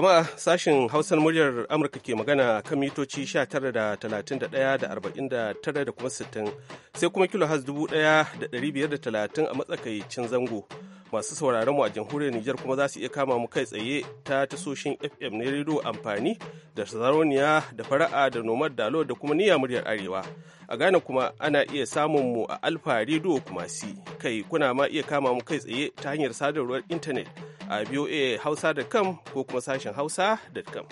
Jama'a sashen Hausar muryar Amurka ke magana kan mitoci 19.31 da da 49 da kuma 60 sai kuma kilo has 1530 a matsakaicin zango. Masu sauraron mu a jamhuriyar Nijar kuma za su iya kama mu kai tsaye ta tasoshin FM na rediyo amfani da sarauniya da fara'a da nomad dalo da kuma niyya muryar Arewa. a Ghana kuma ana iya samun mu a Alfa Radio kuma si kai kuna ma iya kama mu kai tsaye ta hanyar sadarwar intanet a hausa.com ko kuma sashen hausa.com.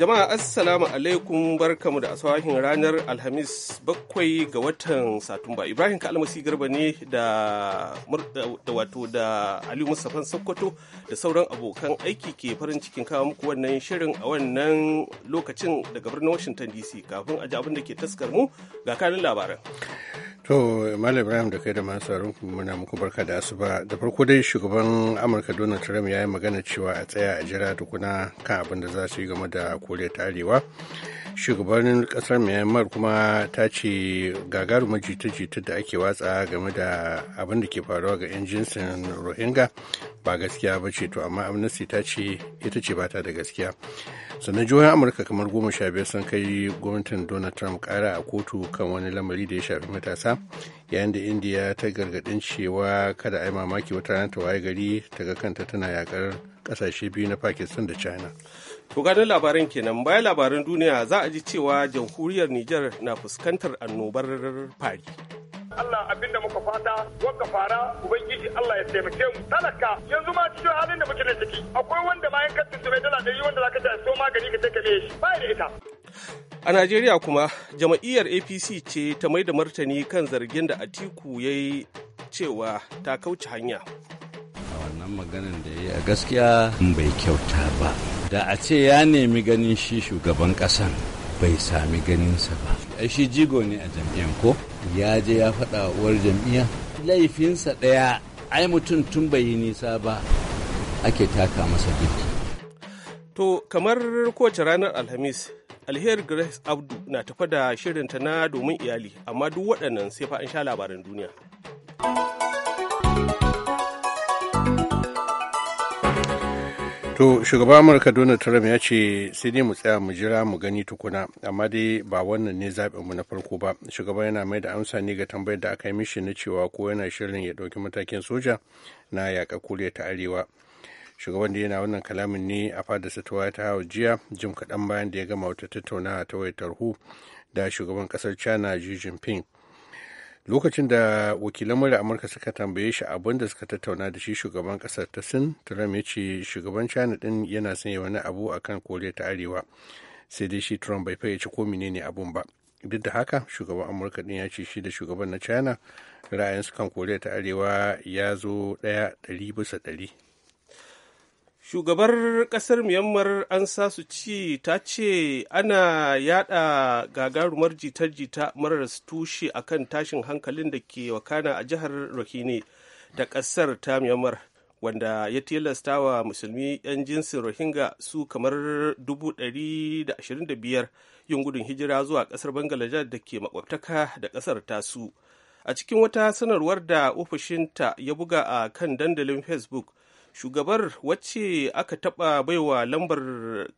Jama'a Assalamu alaikum barkamu da asawahin ranar Alhamis bakwai ga watan Satumba. Ibrahim Kalmasi Garba ne da wato da Aliyu Mustapha Sokoto da sauran abokan aiki ke farin cikin kawo muku wannan shirin a wannan lokacin daga birnin Washington DC kafin a ji abin da ke taskar mu ga kanin labaran. To, Malam Ibrahim da kai da masu muna muku barka da asuba. Da farko dai shugaban Amurka Donald Trump ya yi magana cewa a tsaya a jira tukuna kan abin da za su yi game da Koriya ta Arewa. shugabannin kasar myanmar kuma ta ce gagarumar jita-jita da ake watsa game da abin da ke faruwa ga 'yan jinsin rohingya ba gaskiya ba ce to amma amnesty ta ce ita ce bata da gaskiya sannan jihohin amurka kamar goma sha biyar sun kai gwamnatin donald trump kara a kotu kan wani lamari da ya shafi matasa yayin da indiya ta gargadin cewa kada a yi mamaki wata rana ta waye gari ta ga kanta tana yakar kasashe biyu na pakistan da china To ganin labaran kenan bayan labaran duniya za a ji cewa jamhuriyar Nijar na fuskantar annobar fari. Allah abinda muka fata wanka fara ubangiji Allah ya taimake mu talaka yanzu ma cikin halin da muke na ciki akwai wanda ma yankan tuntuɓe dala da yi wanda zaka ta so magani ka take me shi bai da ita A Najeriya kuma jama'iyyar APC ce ta mai da martani kan zargin da Atiku ya yi cewa ta kauce hanya. A wannan maganar da ya yi a gaskiya bai kyauta ba. da a ce ya nemi ganin shi shugaban ƙasan bai sami ganinsa ba shi jigo ne a jam'iyyar ko ya je ya faɗa uwar jam'iyya laifinsa ɗaya ai mutum tun bai yi nisa ba ake taka masa gidi to kamar kowace ranar alhamis alheri grace abdu na tafa da shirinta na domin iyali amma duk waɗannan sai fa an sha labaran duniya. To shugaban Amurka Donald Trump ya ce sai dai mu tsaya mu jira mu gani tukuna amma dai ba wannan ne zaɓin mu na farko ba. Shugaban yana mai da amsa ne ga tambayar da aka yi mishi na cewa ko yana shirin ya ɗauki matakin soja na yaƙa Koriya ta Arewa. Shugaban da yana wannan kalamin ne a fadarsa ta White House jiya jim kaɗan bayan da ya gama wata tattaunawa ta wayar tarho da shugaban ƙasar China Xi Jinping. lokacin da wakilan murya amurka suka tambaye shi abin da suka tattauna da shi shugaban kasar ta sin trump ya ce shugaban china din yana sanya wani abu akan koriya ta arewa sai dai shi trump bai fayyace ko menene abun ba duk da haka shugaban amurka din ya ce shi da shugaban na china ra'ayin su kan koriya ta arewa ya zo daya ɗari bisa ɗari shugabar kasar myanmar an sa ci ta ce ana yada gagarumar jita-jita marar tushe akan tashin hankalin da ke wakana a jihar rohini da kasar ta myanmar wanda ya tilasta wa musulmi 'yan jinsin rohingya su kamar 125 yin gudun hijira zuwa kasar bangladesh da ke makwabtaka da kasar tasu a cikin wata sanarwar da ofishinta ya buga a kan dandalin facebook shugabar wacce aka taɓa baiwa lambar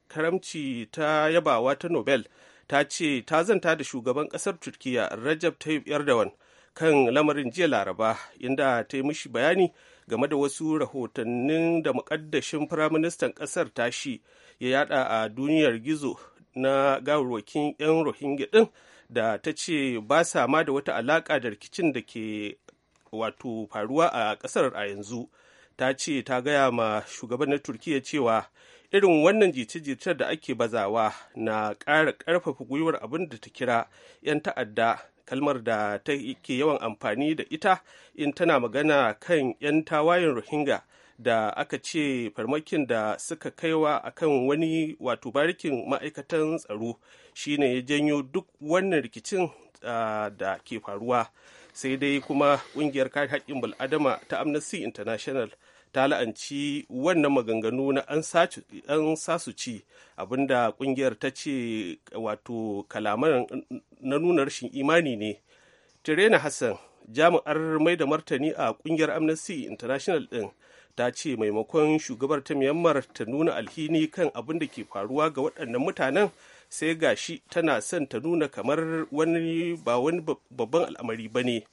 karamci ta yabawa ta nobel ta ce ta zanta da shugaban ƙasar turkiya rajab tayyip erdogan kan lamarin jiya laraba inda ta yi mishi bayani game da wasu rahotannin da muƙaddashin firaministan ƙasar tashi ya yada a duniyar gizo na gawarwakin 'yan rohingya ɗin da ta ce ba sa ma da wata alaƙa da rikicin da ke wato faruwa a ƙasar a yanzu ta ce ta gaya ma shugabannin turkiya cewa irin wannan jice jice da ake bazawa na ƙara ƙarfafa gwiwar abin da ta kira 'yan ta'adda kalmar da ta ke yawan amfani da ita in tana magana kan 'yan tawayen rohingya da aka ce farmakin da suka kaiwa a kan wani wato barikin ma'aikatan tsaro shine ya janyo duk wannan rikicin da ke faruwa sai dai kuma kungiyar kare haƙƙin bil'adama ta amnesty international ta la'anci wannan maganganu na an ci abinda kungiyar ta ce wato kalaman na nuna rashin imani ne tirena hassan jami'ar mai da martani a kungiyar amnesty international din ta ce maimakon shugabar ta myanmar ta nuna alhini kan abin da ke faruwa ga waɗannan mutanen sai gashi tana son ta nuna kamar wani ba wani babban al'amari ba ne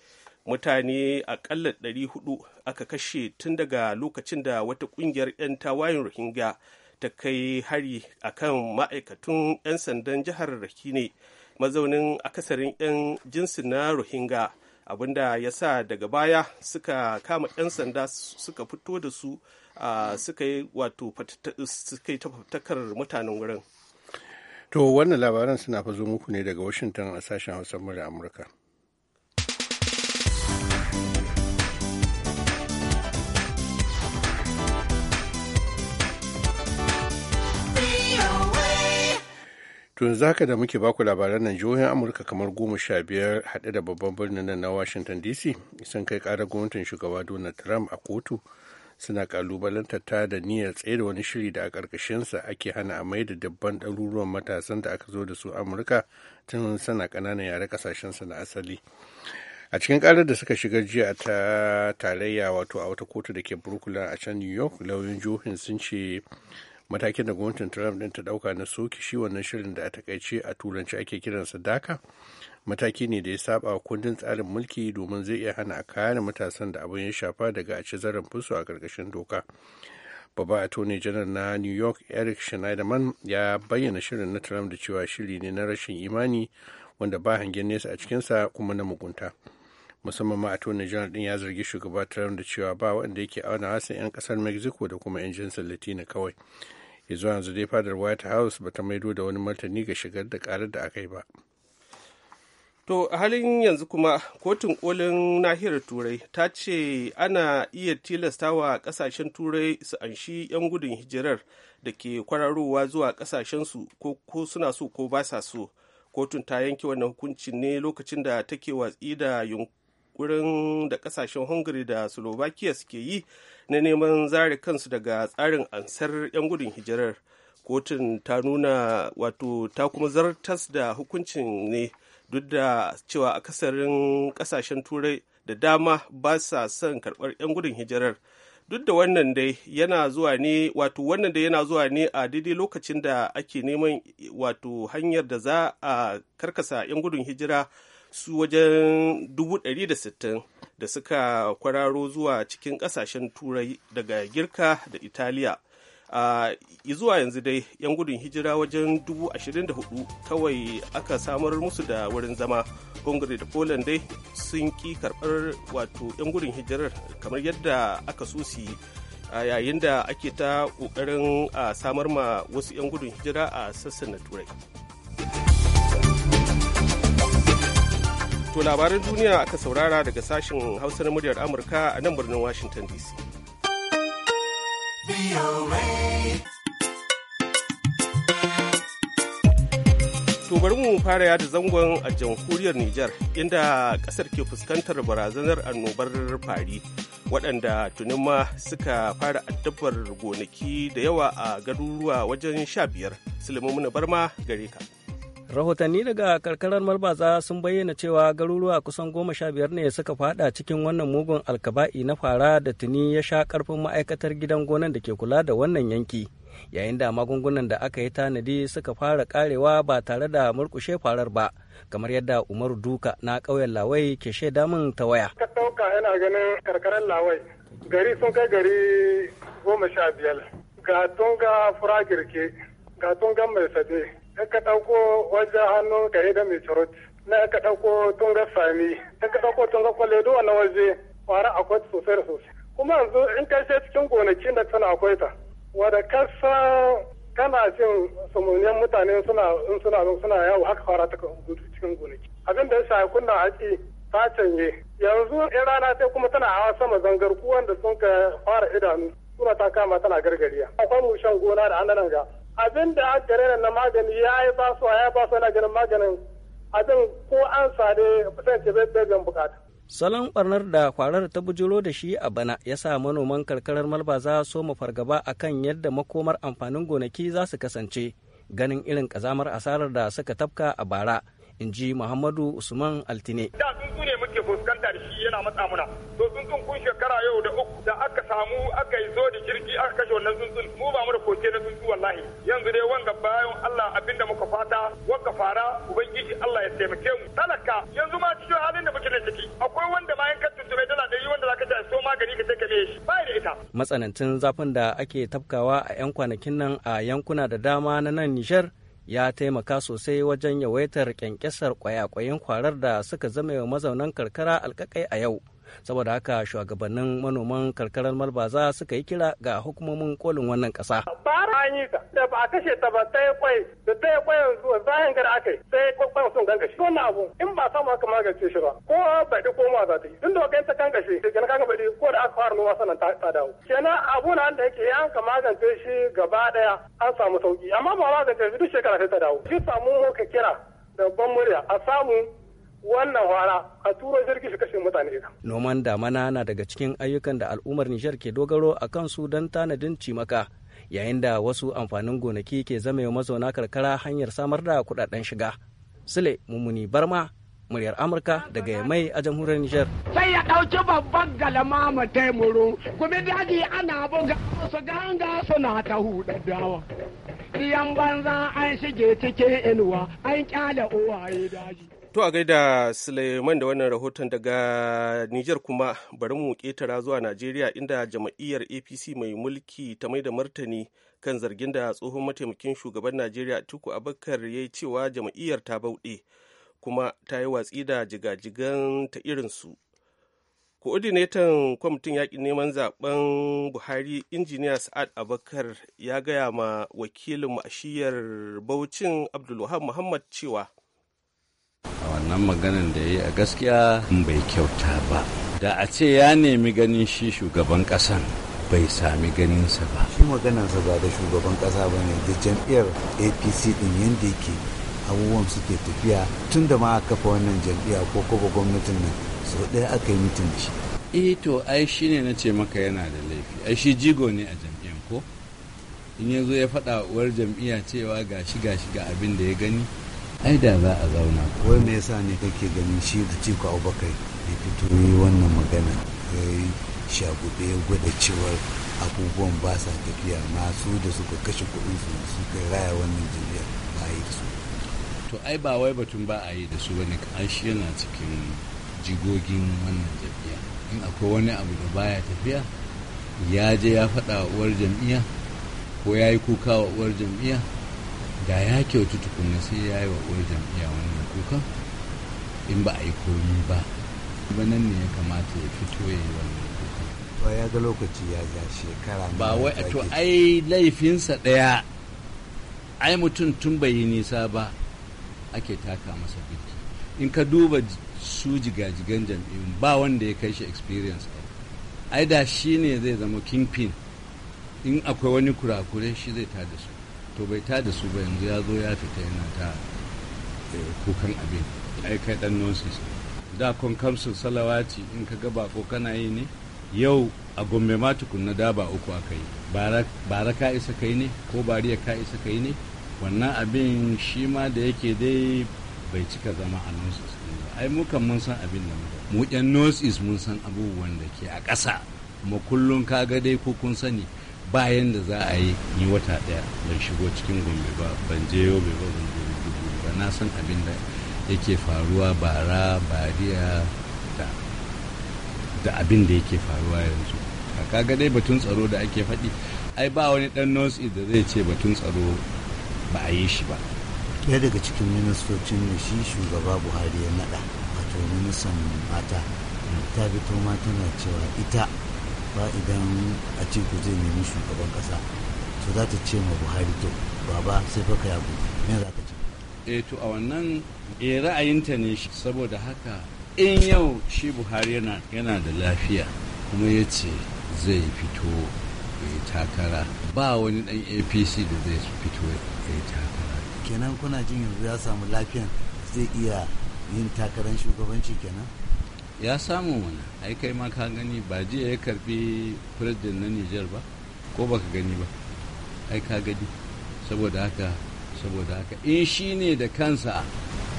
mutane akalla 400 aka kashe tun daga lokacin da wata kungiyar 'yan tawayen rohingya ta kai hari a kan ma'aikatun 'yan sandan jihar Rakhine, mazaunin akasarin 'yan jinsi na rohingya abinda ya sa daga baya suka kama 'yan sanda suka fito da su suka yi wato suka mutanen wurin to wannan labaran suna fa zo muku ne daga washington a sashen hausa murya amurka tun zaka da muke baku labaran nan jihohin Amurka kamar goma sha biyar haɗe da babban birnin nan na Washington DC sun kai ƙarar gwamnatin shugaba Donald Trump a kotu suna kalubalantar ta da niyyar tsaye da wani shiri da a ƙarƙashinsa ake hana a mai da dabban ɗaruruwan matasan da aka zo da su Amurka tun sana ƙananan yare ƙasashensa na asali. a cikin karar da suka shigar jiya ta tarayya wato a wata kotu da ke brooklyn a can new york lauyoyin jihohin sun ce matakin da gwamnatin trump din ta dauka na soki shi wannan shirin da a takaice a turanci ake kiransa daka mataki ne da ya saba wa kundin tsarin mulki domin zai iya hana a kare matasan da abin ya shafa daga a ci a ƙarƙashin doka babba attorney general na new york eric schneiderman ya bayyana shirin na trump da cewa shiri ne na rashin imani wanda ba hangen nesa a cikinsa kuma na mugunta musamman ma attorney general din ya zargi shugaba trump da cewa ba wanda yake auna wasan 'yan kasar mexico da kuma 'yan jinsin latina kawai ya zuwa yanzu dai fadar white house ta maido da wani martani ga shigar da karar da aka yi ba To a halin yanzu kuma kotun kolin nahiyar turai ta ce ana iya tilasta wa kasashen turai su anshi 'yan gudun hijirar da ke kwararowa zuwa kasashensu ko suna so ko ba sa so kotun ta yanke wannan hukuncin ne lokacin da take watsi da yunkurin da kasashen hungary da slovakia suke yi na neman zare kansu daga tsarin ansar 'yan gudun hijirar kotun ta nuna wato ta kuma zartas da hukuncin ne duk da cewa akasarin kasashen turai da dama ba sa son karɓar 'yan gudun hijirar duk da wannan dai yana zuwa ne wato wannan dai yana zuwa ne a daidai lokacin da ake neman wato hanyar da za a karkasa 'yan gudun hijira su wajen 160 da suka kwararo zuwa cikin kasashen turai daga girka da italiya a zuwa yanzu dai yan gudun hijira wajen hudu kawai aka samar musu da wurin zama hungary da poland dai sun ki karbar wato yan gudun hijirar kamar yadda aka so su a yayin da ake ta kokarin a samar ma wasu yan gudun hijira a sassan na turai To labaran duniya aka saurara daga sashen Hausa na muryar Amurka a nan birnin Washington DC. To bari mu fara yada zangon a jamhuriyar Nijar inda kasar ke fuskantar barazanar annobar fari waɗanda tunin ma suka fara addabar gonaki da yawa a garuruwa wajen sha biyar. muna Barma gare ka. rahotanni daga karkarar malbaza sun bayyana cewa garuruwa kusan goma sha biyar ne suka fada cikin wannan mugun alkaba'i na fara da tuni ya sha karfin ma'aikatar gidan gonan da ke kula da wannan yanki yayin da magungunan da aka yi tanadi suka fara karewa ba tare da murkushe farar ba kamar yadda umaru duka na ƙauyen lawai ke shaida min ta waya ka ɗauka yana ganin karkarar lawai gari sun kai gari goma sha biyar ga tunga fura girke ga tunga mai sabe ka ɗauko wajen hannu ka yi da mai na ka ɗauko tun ga sami in ka ɗauko tun ga duwa duk wannan waje ƙwara akwai sosai da sosai kuma yanzu in ka ce cikin gonakin da tana akwai ta wadda san kana jin samuniyan mutane suna in suna suna yawo haka fara ta gudu cikin gonaki abin da ya sa kunna haƙi ta canye yanzu in rana sai kuma tana hawa sama zangar kuwan da sun ka fara idanu suna ta kama tana gargariya akwai mushen gona da ananan ga abin da aka rena na magani ya yi ba su ya ba su na ganin maganin abin ko an sade kusance bai bai bukata. Salon barnar da kwarar ta bujiro da shi a bana ya sa manoman karkarar malba Malbaza soma fargaba a kan yadda makomar amfanin gonaki za su kasance ganin irin kazamar asarar da suka tafka a bara in ji Muhammadu Usman Altine. Da tsuntsu ne muke fuskanta da shi yana matsa muna. To tsuntsun kun shekara yau da uku da aka samu aka yi zo da jirgi aka kashe wannan tsuntsun mu ba mu da koke na tsuntsu wallahi. Yanzu dai wanga bayan Allah abinda muka fata wanga fara ubangiji Allah ya taimake mu. Talaka yanzu ma cikin halin da muke da ciki akwai wanda ma yanka tuntume dala ɗari wanda zaka ta so magani ka take shi ba da ita. Matsanancin zafin da ake tafkawa a 'yan kwanakin nan a yankuna da dama na nan Nijar ya taimaka sosai wajen yawaitar kyankyasar kwayakwayen kwarar da suka zama mazaunan karkara alkakai a yau saboda haka shugabannin manoman karkarar malbaza suka yi kira ga hukumomin kolin wannan kasa bara an yi ta da ba a kashe ta ba ta yi kwai da ta yi kwai zahin gar aka yi sai kwai sun gangashi wannan abu in ba samu aka magance shi ba ko baɗi ko ma za ta yi tun da kai ta gangashi daga kan baɗi ko da aka fara noma sanan ta dawo kenan abu na da yake an ka magance shi gaba ɗaya an samu sauki amma ba magance shi duk shekara sai ta dawo shi samu ka kira da ban murya a samu wannan wara a turo jirgi su kashe mutane ita. Noman damana na daga cikin ayyukan da al'ummar Nijar ke dogaro a su don tanadin cimaka yayin da wasu amfanin gonaki ke zama mazauna karkara hanyar samar da kudaden shiga. Sule Mummuni Barma muryar Amurka daga mai a jamhuriyar Nijar. Sai ya ɗauki babban galama mu taimuru, kuma daji ana buga su ganga suna ta huɗa dawa. Diyan banza an shige cikin inuwa, an kyale uwaye daji. To a gaida Suleiman da wannan rahoton daga Nijar kuma bari mu ƙetara zuwa Najeriya inda jama'iyyar APC mai mulki ta mai da martani kan zargin da tsohon mataimakin shugaban Najeriya Tuku Abakar ya yi cewa jama'iyyar ta bauɗe kuma ta yi watsi da jigajigan ta irinsu. Ko'odinetan kwamitin Yakin neman zaben Buhari injiniya Sa'ad Abakar ya gaya ma wakilin mashiyar Bauchin Abdulwahab Muhammad cewa wannan maganin da ya yi a gaskiya bai kyauta ba da a ce ya nemi ganin shi shugaban ƙasan bai sami ganinsa ba shi maganarsa ba da shugaban ƙasa ba ne da jam'iyyar apc din yadda yake abubuwan suke tafiya tun da ma a kafa wannan jam'iyya ko kuma gwamnatin nan sau ɗaya aka yi mutum da shi eh to ai shi ne na ce maka yana da laifi ai shi jigo ne a jam'iyyar ko in ya zo ya faɗa uwar jam'iyya cewa gashi gashi ga abin da ya gani ai da za a zauna wai me yasa ne kake ganin shi da ciko abubakar ya fito yi wannan magana ya yi shagube ya gwada cewar abubuwan ba sa tafiya masu da suka kashe kuɗin su suka raya wannan jami'a ba a yi da su to ai ba wai batun ba a yi da su bane an shi yana cikin jigogin wannan jami'a in akwai wani abu da baya tafiya ya je ya faɗa uwar jami'a ko ya yi kuka wa uwar jam'iya da ya kyautu tukunna sai ya yi wa jam'iya jam'iyya wannan kuka in ba a yi komi ba banan ne ya kamata ya fito ya yi wannan kuka ba ya ga lokaci ya ga shekara ba wai a to ai laifinsa ɗaya ai mutum tun bai yi nisa ba ake taka masa biki in ka duba su jigajigan jam'iyyun ba wanda ya kai shi experience ai da shi ne zai zama kingpin in akwai wani kurakure shi zai tada su to bai ta da su ba yanzu ya zo ya fita yana ta eh, kukan abin ai kai dan nonsense da kun kamsu salawati in ka ga bako kana yi ne yau a gombe ma na daba uku aka yi bara ka isa kai ne ko bariya ka isa kai ne wannan abin shi ma da yake dai bai cika zama a nonsense ai mukan mun san abin da muka mu yan nose mun san abubuwan da ke a ƙasa kuma kullum ka ga dai ko kun sani bayan da za a yi yi wata daya ban shigo cikin gombe ba ban je yobe ba ban je ba na san abin da yake faruwa bara bariya da abin da yake faruwa yanzu a kaga dai batun tsaro da ake faɗi ai ba wani dan nosi da zai ce batun tsaro ba a yi shi ba ya daga cikin ministocin da shi shugaba buhari ya naɗa wato ministan mata hmm. ta fito ma tana cewa ita ba idan a ce ku zai nemi shugaban kasa to za ta ce ma buhari to baba sai fa ya gudu me za ka ce e to a wannan e ra'ayinta ne saboda haka in yau shi buhari yana yana da lafiya kuma ya ce zai fito ya takara ba wani dan apc da zai fito ya takara kenan kuna jin yanzu ya samu lafiyan zai iya yin takarar shugabanci kenan ya samu mana ai kai gani ba jiya ya karbi firjin na Nijar ba ko baka gani ba ai ka gani saboda haka saboda haka in shi ne da kansa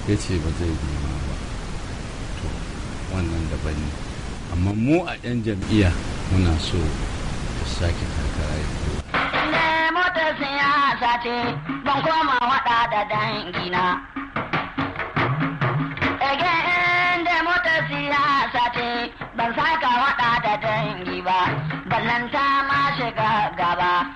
ya ce ba zai nema ba to wannan daban ne amma mu a 'yan jam'iyya muna so ta sake takara ya kowa. Ne eh, motar ce ban koma waɗa da dangina. ba ballanta ma shiga gaba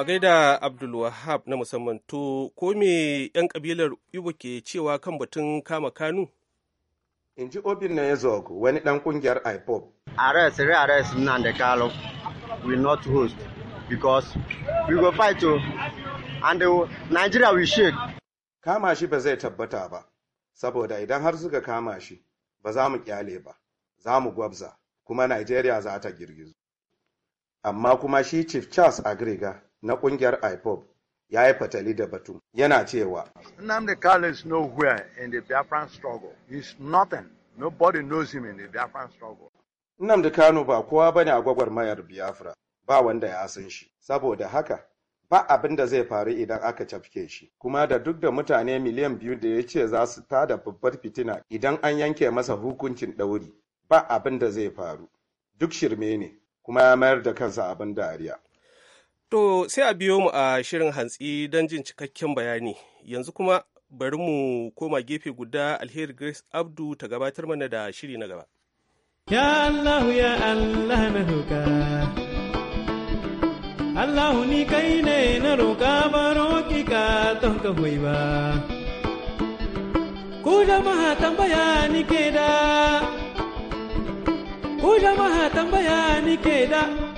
a gaida Abdul Wahab na musamman to ko me 'yan kabilar Ibo ke cewa kan batun kama Kanu? In ji Obin na Yazog wani ɗan ƙungiyar IPOP. Arrest, re-arrest da kalo, we not host because we go fight to oh. and the oh, Nigeria we shake. Kama shi ba zai tabbata ba, saboda idan har suka kama shi ba za mu kyale ba, za mu gwabza kuma Nigeria za ta girgizu. amma kuma shi Chief Charles Agrega na kungiyar IPOB ya yi fatali da batun yana cewa Nnamdi Kanu is nowhere in the Biafran struggle. He's nothing. Nobody knows him in the Biafran struggle. Nnamdi Kanu ba kowa bane a mayar Biafra, ba wanda ya san shi. Saboda haka ba abin da zai faru idan aka cafke shi kuma da duk da mutane miliyan biyu da ya ce za su tada babbar fitina idan an yanke masa hukuncin ɗauri ba abin da zai faru duk shirme ne kuma ya mayar da kansa abin dariya To sai a biyo mu a shirin hantsi don jin cikakken bayani. Yanzu kuma bari mu koma gefe guda alheri Grace Abdu ta gabatar mana da shiri na gaba. Ya Allah ya Allah na roƙa. Allah ni kai ne na roƙa Ba roƙi ka ton ka hoyi ba. Ku jama'a tambaya ni ke da. Ku jama'a tambaya ni ke da.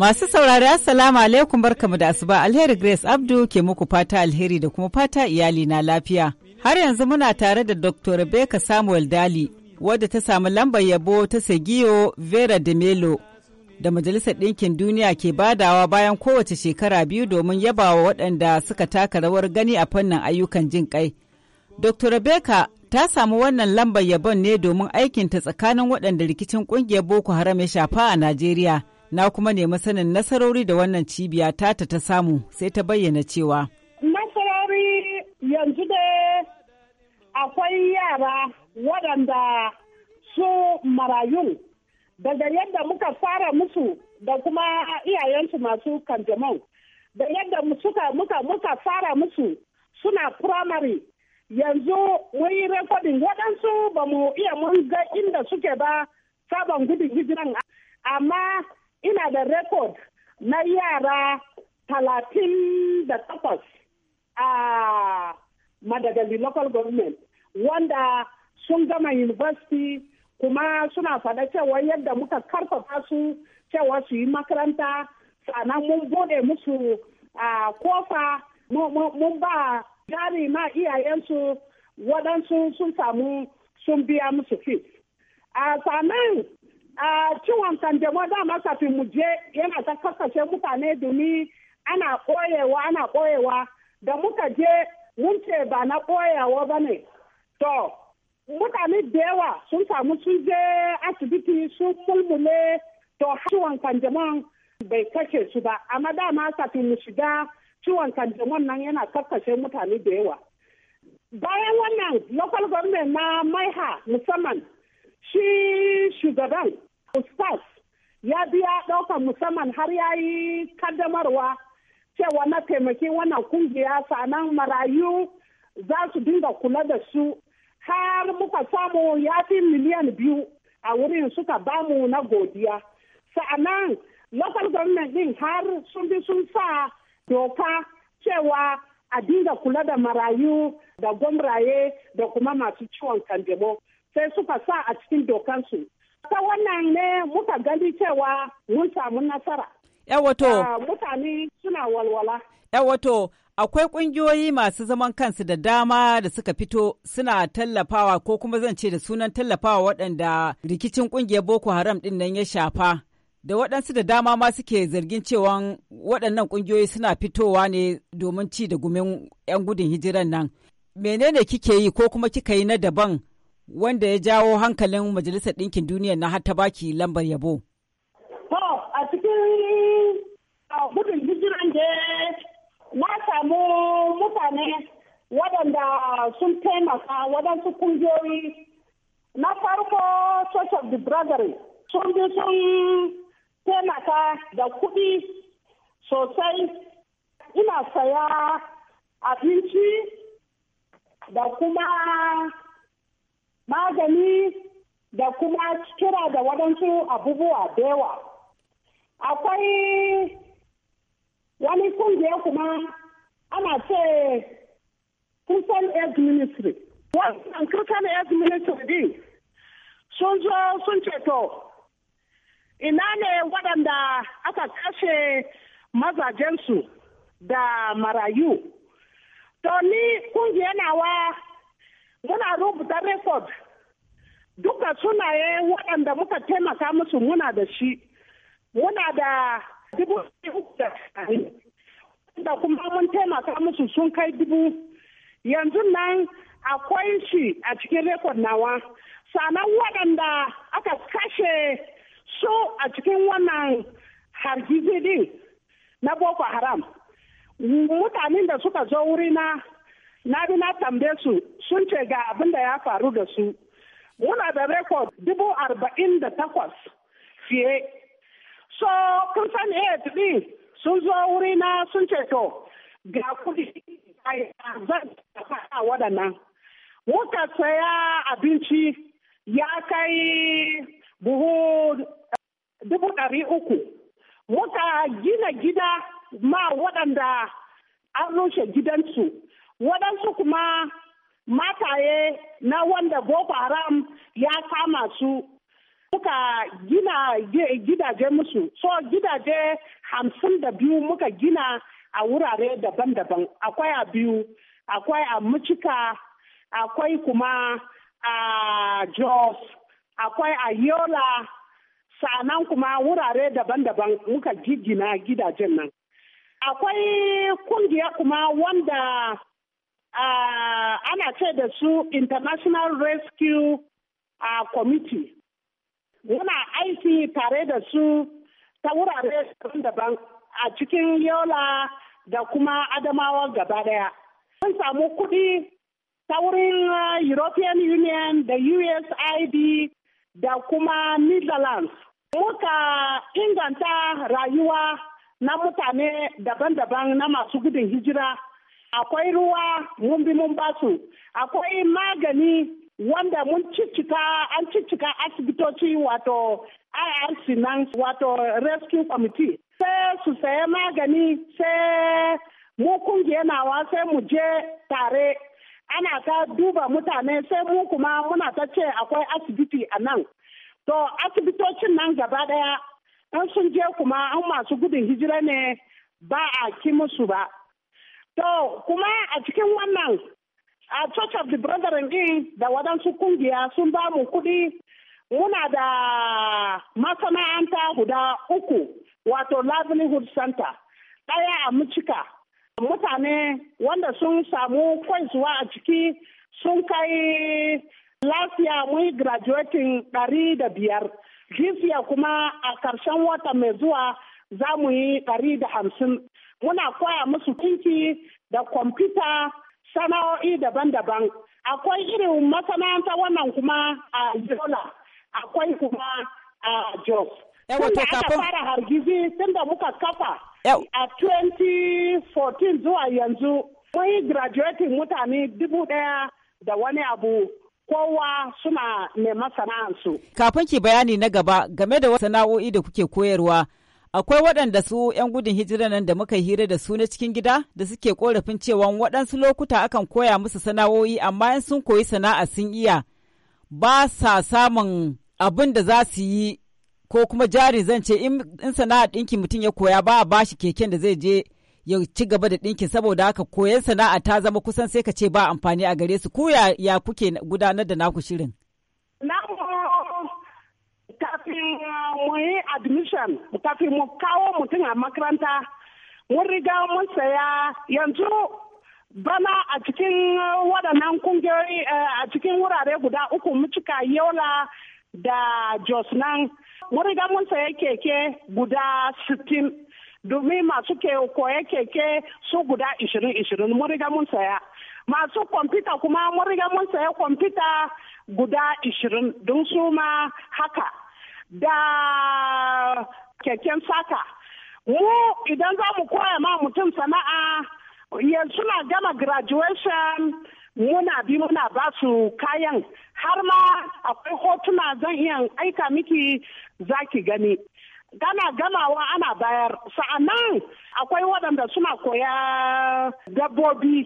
Masu saurari Assalamu alaikum barkamu da asuba alheri Grace Abdu ke muku fata alheri da kuma fata iyali na lafiya. Har yanzu muna tare da Dr. Rebecca Samuel Dali wadda ta samu lambar yabo ta Segiyo Vera de Melo da Majalisar Ɗinkin Duniya ke badawa bayan kowace shekara biyu domin yabawa waɗanda suka taka rawar gani a fannin ayyukan jin kai. Dr. Rebecca ta samu wannan lambar yabon ne domin aikinta tsakanin waɗanda rikicin ƙungiyar Boko Haram ya shafa a Najeriya. na kuma nemi sanin nasarori da wannan cibiya tata ta samu sai ta bayyana cewa. Nasarori yanzu dai akwai yara waɗanda su marayun daga yadda muka fara musu da kuma iyayensu masu kanjamau da yadda muka, muka, muka fara musu suna primary yanzu wai rekodin waɗansu ba mu iya mun ga inda suke ba sabon gudun hijiran amma ina da rekod na yara talatin da takwas a madagali local government wanda sun gama university kuma suna faɗa cewa yadda muka karfafa su cewa su yi makaranta sannan mun bude musu a kofa mun ba jari ma iyayensu waɗansu sun samu sun biya musu fit a sannan ciwon kanjamau za kafin mu je yana ta kakkashe mutane domin ana koyewa ana koyewa da muka je mun ce ba na koyawa ba ne to mutane da yawa sun samu sun je asibiti sun mulmule to ciwon kanjaman bai kashe su ba amma dama kafin mu shiga ciwon kanjaman nan yana kakashe mutane da yawa bayan wannan local government na maiha musamman shi shugaban Ustaz ya biya ɗaukar musamman har ya yi kaddamarwa cewa na taimakin wannan kungiya sanan marayu za su dinga kula da su har muka samu ya fi miliyan biyu a wurin suka bamu na godiya. Sa'anan local government din har sun bi sun sa doka cewa a dinga kula da marayu da gwamraye da kuma masu ciwon kanjamo sai suka sa a cikin dokansu ta wannan ne muka gani cewa mun samu nasara yawato ah, mutane suna walwala yawato akwai ƙungiyoyi masu zaman kansu da dama da suka fito suna tallafawa ko kuma zan ce da sunan tallafawa waɗanda rikicin ƙungiyar boko haram ɗin nan ya shafa da waɗansu da dama ma suke zargin cewa waɗannan ƙungiyoyi suna fitowa ne domin ci da gumin 'yan gudun hijiran nan menene kike yi ko kuma kika yi na daban wanda ya jawo hankalin Majalisar Ɗinkin Duniya na har baki lambar yabo. To, a cikin gudun hijiran da na samu mutane waɗanda sun taimaka waɗansu kungiyoyi na farko Church of the brotherly. sun bi sun taimaka da kuɗi sosai ina saya abinci da kuma magani da kuma kira da waɗansu abubuwa da akwai wani kungiya kuma ana ce kusan aid ministry wannan kusan aid ministry din sun zo sun ceto ina ne waɗanda aka kashe mazajensu da marayu to ni kungiya nawa rubuta record duka sunaye waɗanda muka taimaka musu muna da shi muna da dubu da kuma mun taimaka musu sun kai dubu yanzu nan akwai shi a cikin rekod nawa sanan waɗanda aka kashe su a cikin wannan hargizi din na boko haram mutanen da suka zo wuri na na bi na tambaye su sun ce ga abin da ya faru da su muna da rekod dubu arba'in da takwas fiye so kun san eh ɗin sun zo wuri na sun ce to ga kudi zan a waɗannan muka saya abinci ya kai buhu eh, dubu ɗari uku muka gina gida ma waɗanda an rushe gidansu waɗansu kuma mataye na wanda boko haram ya kama su muka gina gidaje musu so gidaje hamsin da biyu muka gina a wurare daban-daban akwai a biyu akwai a mucika akwai kuma a jos akwai a yola sannan kuma wurare daban-daban muka gina gidajen nan akwai kungiya kuma wanda Ah, ana ce da su international rescue uh, committee muna aiki tare da su ta wurare daban a cikin yola da kuma adamawa gaba daya mun samu kuɗi ta wurin ah, european union da usid da kuma netherlands muka inganta rayuwa na mutane daban-daban na masu gudun hijira akwai ruwa mun bi mun basu akwai magani wanda mun ciccika an ciccika asibitoci wato IRC nan wato rescue committee sai su magani sai mu kungiyar nawa sai mu je tare ana ta duba mutane sai mu kuma muna ta ce akwai asibiti a nan to asibitocin nan gaba daya nsunje sun je kuma an masu gudun hijira ne ba a ki musu ba To kuma a cikin wannan a Church of the Brethren din da waɗansu kungiya sun ba mu kuɗi muna da masana'anta guda uku wato livelihood center ɗaya a mucika mutane wanda sun samu kwaizuwa a ciki sun kai lafiya mun yi graduating ɗari da biyar jisiya kuma a ƙarshen wata mai zuwa za mu yi ɗari da hamsin muna koya musu tinki da kwamfuta sana'o'i daban-daban akwai irin masana'anta wannan kuma a Jona, akwai kuma a jos tunda aka fara hargizi tunda muka kafa a 2014 zuwa yanzu mun graduating mutane dubu daya da wani abu kowa suna neman sana'ansu. Kafin ki bayani na gaba game da wasu sana'o'i da kuke koyarwa, Akwai waɗanda su 'yan gudun hijira nan da muka hira da su na cikin gida da suke korafin cewa waɗansu lokuta akan koya musu sana'o'i amma in sun koyi sana'a sun iya ba sa samun abin da za su yi ko kuma jari zan ce in sana'a ɗinki mutum ya koya ba a bashi keken da zai je ya ci gaba da ɗinkin saboda haka koyan sana'a ta zama kusan sai ka ce ba amfani a gare su ku ya, kuke gudanar da naku shirin kafin mu yi admission kafin mu kawo mutum a makaranta mun riga mun saya yanzu bana a cikin waɗannan kungiyoyi eh, a cikin wurare guda uku mucika yola da jos nan mun riga mun saya keke guda sittin domin masu ke koya keke su guda ishirin ishirin mun riga mun saya masu kwamfuta kuma mun riga mun saya kwamfuta guda ishirin don su ma haka da keken saka mu idan za mu koya ma mutum sana'a yanzu na gama graduation muna bi muna ba su kayan har ma akwai hotuna zan iya aika miki zaki gani gana gamawa ana bayar sa'annan akwai waɗanda suna koya dabbobi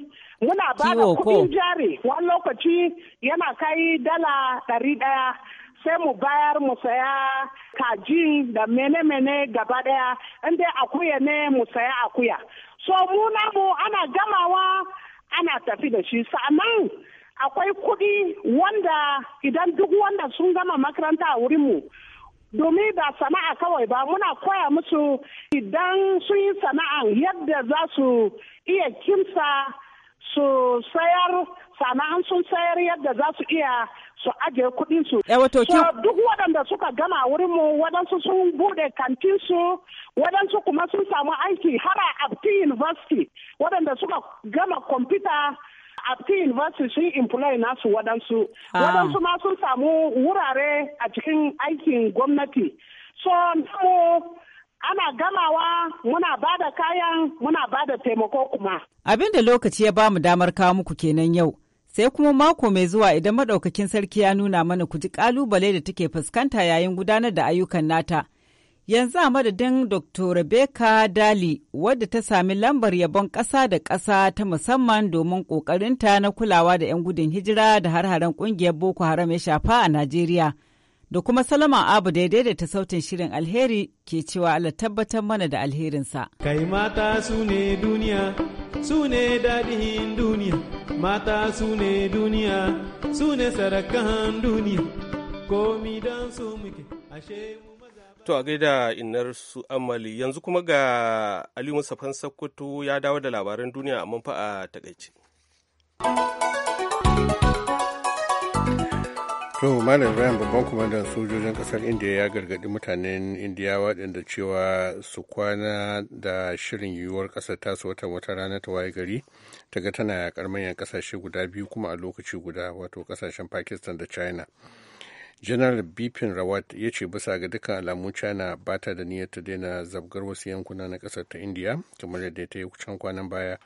muna ba da kuɗin jari wani lokaci yana kai dala ɗari ɗaya sai mu bayar mu saya kaji da mene-mene gaba daya inda akuya ne mu saya akuya so mu namu ana gamawa ana tafi da shi sannan akwai kuɗi wanda idan duk wanda sun gama makaranta a wurinmu domin ba sana'a kawai ba muna koya musu idan sun yi sana'a yadda za su iya kimsa su sayar sana'an sun sayar yadda za su iya su ajiye kuɗin su. Eh, duk waɗanda suka gama wurin mu waɗansu sun bude kantin su waɗansu kuma sun samu aiki har a Abti University waɗanda suka gama kwamfuta Abti University sun employ nasu waɗansu. Ah. Waɗansu ma sun samu wurare a cikin aikin gwamnati. So mu ana gamawa muna ba da kayan muna ba da taimako kuma. Abin da lokaci ya ba mu damar kawo muku kenan yau. sai kuma mako mai zuwa idan madaukakin sarki ya nuna mana ku ji kalubale da take fuskanta yayin gudanar da ayyukan nata. Yanzu a madadin Dr. Rebecca Dali wadda ta sami lambar yabon ƙasa da ƙasa ta musamman domin ƙoƙarinta na kulawa da 'yan gudun hijira da har-haren ƙungiyar Boko Haram ya shafa a Najeriya. da kuma Salama Abu daidai da ta daidaita sautin shirin alheri ke cewa Allah tabbatar mana da alherinsa. Kai mata su ne duniya, su ne daɗin duniya, mata su ne duniya, su ne sarakan duniya, komi don su muke, ashe mu To a gaida inar su amali yanzu kuma ga Ali Musafan Sokoto ya dawo da labaran duniya amma fa a takaice. to malam ibrahim babban kwamandan sojojin kasar india ya gargaɗi mutanen indiya waɗanda cewa su kwana da shirin yiwuwar kasar ta su wata rana ta waye gari ta ga tana yakar manyan kasashe guda biyu kuma a lokaci guda wato ƙasashen pakistan da china general bipin rawat ya ce bisa ga dukkan alamu china ba ta da niyyar ta daina zabgar wasu yankuna na kasar ta indiya kamar yadda ta yi can kwanan baya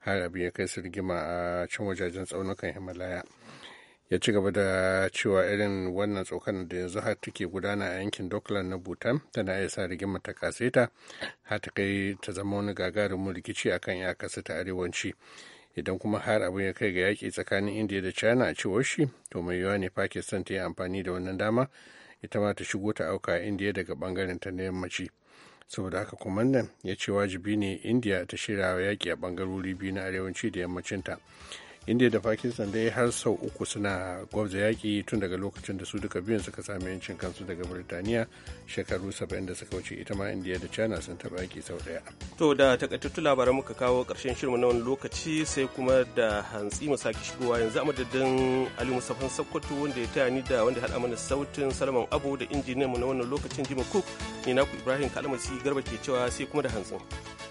har abin ya kai su rigima a can wajajen tsaunukan himalaya ya ci gaba da cewa irin wannan tsokan da yanzu har take gudana a yankin Dockland na Bhutan tana iya sa rigimar ta kaseta har ta kai ta zama wani gagarumin rikici akan iyakarsa ta arewanci. Idan kuma har abin ya kai ga yaƙi tsakanin India da China a cewar shi, to mai yiwuwa ne Pakistan ta yi amfani da wannan dama ita ma ta shigo ta auka India daga bangaren ta na yammaci. saboda haka kwamandan ya ce wajibi ne indiya ta shirya yaƙi a bangarori biyu na arewanci da yammacinta india da pakistan dai har sau uku suna gwabza yaƙi tun daga lokacin da su duka biyun suka sami yancin kansu daga birtaniya shekaru saba'in da suka wuce ita ma india da china sun taɓa yaƙi sau daya to da takaitattun labaran muka kawo karshen shirin na wani lokaci sai kuma da hantsi mu sake shigowa yanzu a madadin ali musafan sakkwato wanda ya taya ni da wanda haɗa mana sautin salman abu da injiniyan mu na wannan lokacin jimmy cook ne naku ibrahim kalmasi garba ke cewa sai kuma da hantsi.